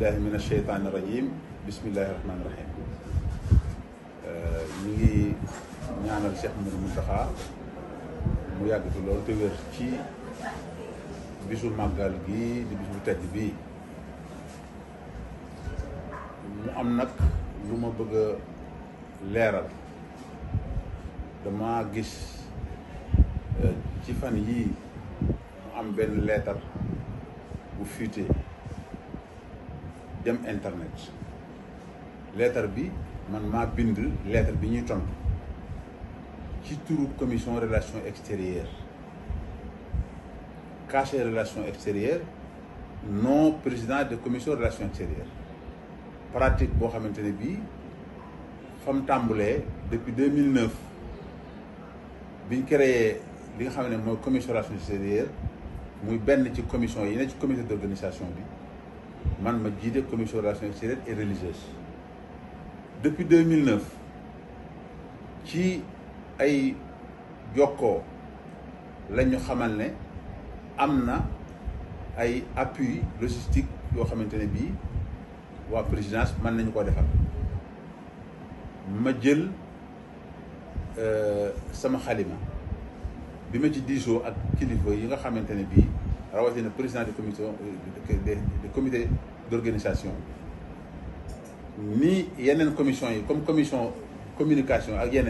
بالله من الشيطان الرجيم بسم الله الرحمن الرحيم آه، نيجي نعنا الشيخ من المنتقى مياك تلور تغير شي بيسو مقال جي دي بيسو تدبي مؤمنك لما بغى ليرال دما جيس آه، تيفان يي ام بن ليتر وفيتي dem internet lettre bi man ma bind lettre bi ñuy Qui ci turu commission relations extérieures les relations extérieures non président de commission relations extérieures pratique bo xamantene bi. fam tambulé depuis 2009 biñ créé li nga xam ne commission relations extérieures muy benn ci commission yi ne ci comité d'organisation bi man ma en commission relations et religieuses depuis 2009 ci ay jokkoo lañu xamal né amna ay appui logistique yo xamante bi wa présidence man nañ ko défal ma jël euh, sama khalima bima ci ak kilifa yi nga le président du comité du comité il y a une commission comme commission communication ak y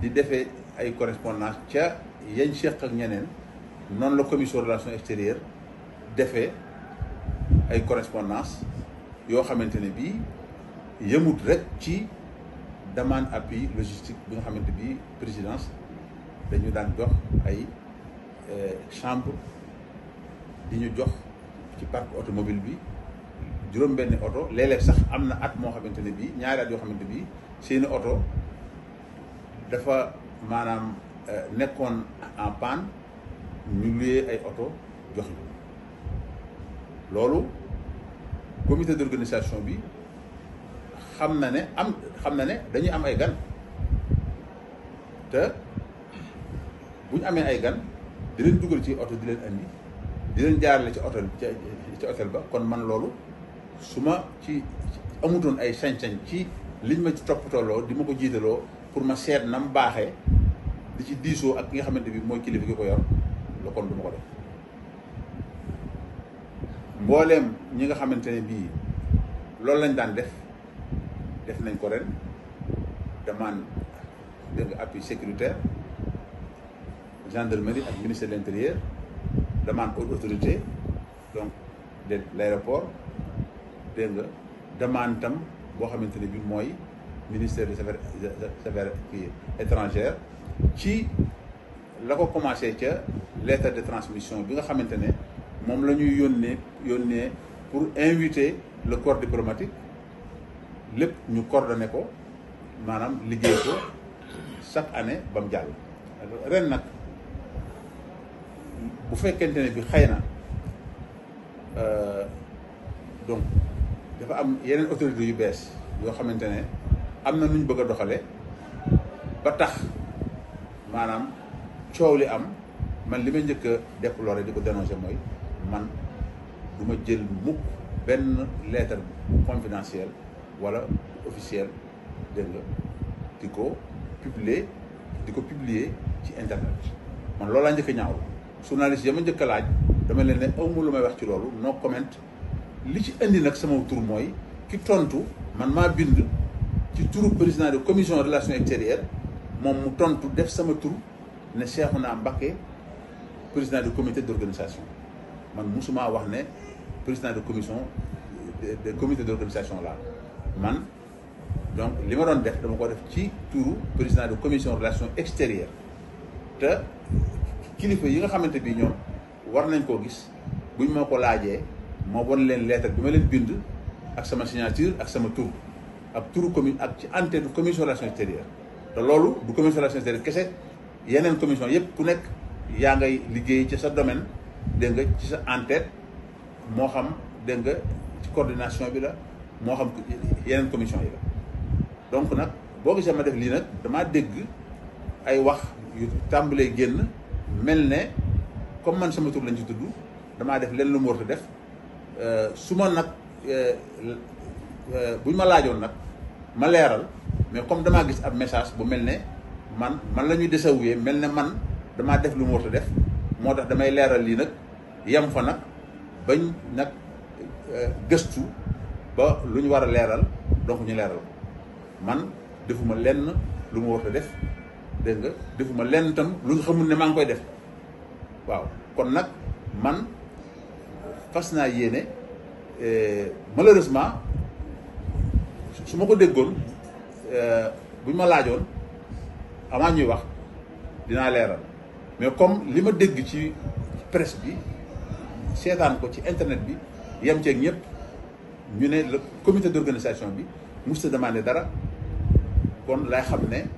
di une correspondance il y a ak non la commission relations extérieures defee ay correspondance yoo a demande appui logistique nga présidence dañu a jox euh, chambre di ñu jox ci parc automobile bi juróom benni oto léeg-léeg sax am na at moo xamante ne bii ñaari at yoo xamante bii seeni oto dafa maanaam nekkoon en panne ñu luyee ay oto jox ñu loolu comité d'organisation bi xam na ne am xam na ne dañuy am ay gan te bu ñu amee ay gan di dugal ci oto di leen andi di leen jaarale ci hôtel ci hôtel ba kon man loolu su ma ci amutoon ay sañ-sañ ci liñ ma ci topp toppatooloo di ma ko jiitaloo pour ma seet na mu baaxee di ci diisoo ak ki nga xamante bi mooy kilifa gi ko yor la kon du ma ko def mbooleem ñi nga xamante ne bii loolu lañ daan def def nañ ko ren demande dégg nga appui sécuritaire gendarmerie ak ministère de l'intérieur demande aux autorités donc de l'aéroport de demande tam boo ministère des affaires la commencé l'état de transmission bi nga xamantene pour inviter le corps diplomatique lepp ñu corps ko chaque année bu fekkente ne bi xëy na euh, donc dafa am yeneen autorités yu bees yoo xamante ne am na nu ñu bëgg a doxale ba tax maanaam coow li am man li may njëkk a déploré di ko dénoncé mooy man duma jël mukk benn lettre confidentielle wala officielle dégg nga di ko publier di ko publier ci internet man loolu laa njëkk a journaliste ya ma njëkk laaj dama leen ne amu lu may wax ci loolu no comment li ci indi nag sama tour mooy ki tontu man maa bind ci turu président de commission relations extérieures moom mu tontu def sama tour, ne Cheikhouna Mbacké président du comité d'organisation man musuma wax ne président de commission de comité d'organisation laa man donc li ma doon def dama ko def ci turu président de commission relations extérieures te kilifa yi nga xamante bi ñoom war nañ koo gis buñ ma ko laajee moo won leen lettre bi ma leen bind ak sama signature ak sama tur ak turu commune ak ci antenne commission relation extérieure te loolu du commission relation extérieure kese yeneen commission yëpp ku nekk yaa ngay liggéey ca sa domaine dégg nga ci sa entête moo xam dégg nga ci coordination bi la moo xam yeneen commission yi la donc nag boo gisee ma def lii nag damaa dégg ay wax yu tàmbalee génn mel ne comme man sama tur lañ ci tudd damaa def leen lu mu war def euh, su ma nag euh, euh, buñ ma laajoon nag ma leeral mais comme damaa gis ab message bu mel ne man man la ñuy desawuyee mel ne man damaa def lu mu war def moo tax damay leeral lii nag yem fa nag bañ nag gëstu ba lu ñu war a leeral donc ñu leeral man defuma lenn lu mu war def dégg nga defuma lenn tam lu nga xamul ne maa ngi koy def waaw kon nag man fas naa yéene eh, malheureusement su ma ko déggoon eh, buñ ma laajoon avant ñuy wax dinaa leeral mais comme li ma dégg ci presse bi seetaan ko ci internet bi yem ceeg ñëpp ñu ne le comité d'organisation bi musta demandé dara kon lay xam ne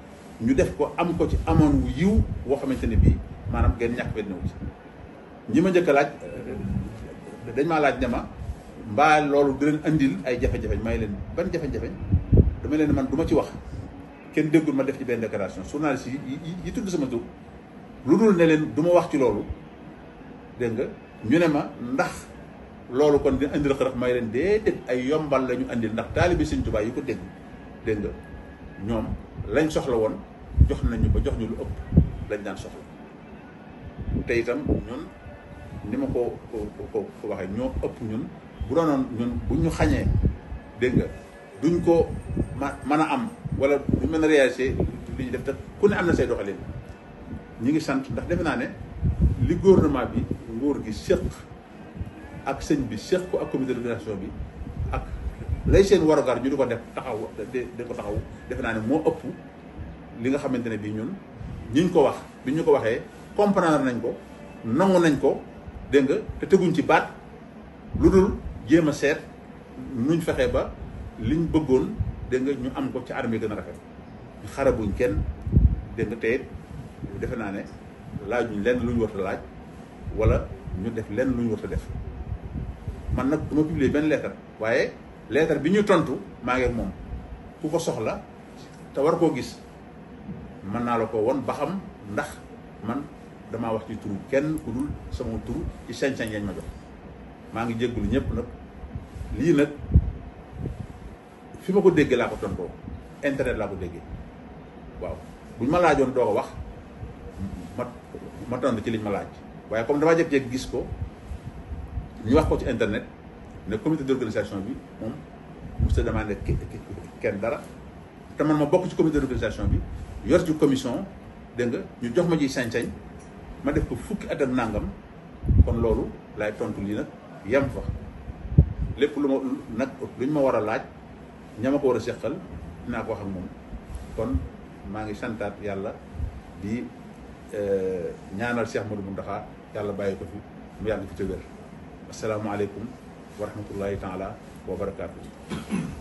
ñu def ko am ko ci amoon wu yiw woo xamante ne bii maanaam ngeen ñàkk benn wu ci ñi ma njëkk a laaj euh, dañ ma laaj ne ma mbaa loolu di leen andil ay jafe-jafe may leen ban jafe-jafe dama leen man du ma ci wax kenn déggul ma def ci benn déclaration si yi yi tudd sama tur lu dul ne leen du ma wax ci loolu dégg nga ñu ne ma ndax loolu kon dina indi rëq-rëq may leen déedéet ay yombal la ñu andil ndax taalibe Sëñ Tuubaa yi ko dégg dégg nga ñoom lañ soxla woon. jox nañu ba jox ñu lu ëpp lañ daan soxla te itam ñun ni ma ko ko ko waxee ñoo ëpp ñun bu doonoon ñun bu ñu xañee dégg nga duñ ko ma mën a am walla duñ mën a réagir li ñu def te ku ne am na say doxalin ñi ngi sant ndax defe naa ne li gouvernement bi nguur gi séq ak sëñ bi séq ko ak comité d'organisation bi ak lay seen warugar ñu di ko def taxaw di ko taxaw defe naa ne moo ëpp li nga xamante ne bii ñun ñiñ ko wax bi ñu ko waxee comprendre nañ ko nangu nañ ko dégg nga te teguñ ci baat lu dul jéem a seet nuñ fexe ba liñ bëggoon dégg nga ñu am ko ci armée gën a rafet xarabuñ kenn dégg nga tey defe naa ne laaj laajuñ lenn lu ñu war laaj wala ñu def lenn lu ñu war a def man nag du ma benn lettre waaye lettre bi ñu tontu maa ngi moom ku ko soxla te war koo gis. man na la ko won ba xam ndax man dama wax ci turu kenn kudul sama turu ci sen sen yañ ma jox ma ngi jéggul ñepp nak li nak fi ma ko déggee ko tontoo internet la ko déggé waaw buñ ma laajoon do ko wax ma ma ci liñ ma laaj waye comme dama jékki-jékki gis ko ñu wax ko ci internet ne comité d'organisation bi mom mu se demander ken dara te man ma bokk ci comité d'organisation bi yor ju commission dégg nga ñu jox ma ci sañ ma def ko fukki at ak kon loolu laay tontu lii nag yem fa lépp lu ma nag lu ñu ma war a laaj ña ma ko war a seqal dinaa ko xam ak moom kon maa ngi santaat yàlla di eh, ñaanal Cheikh mu Mountakha yàlla bàyyi ko fi mu yàgg fi te wér asalaamaaleykum wa rahmatullahi taala wa barakaatu.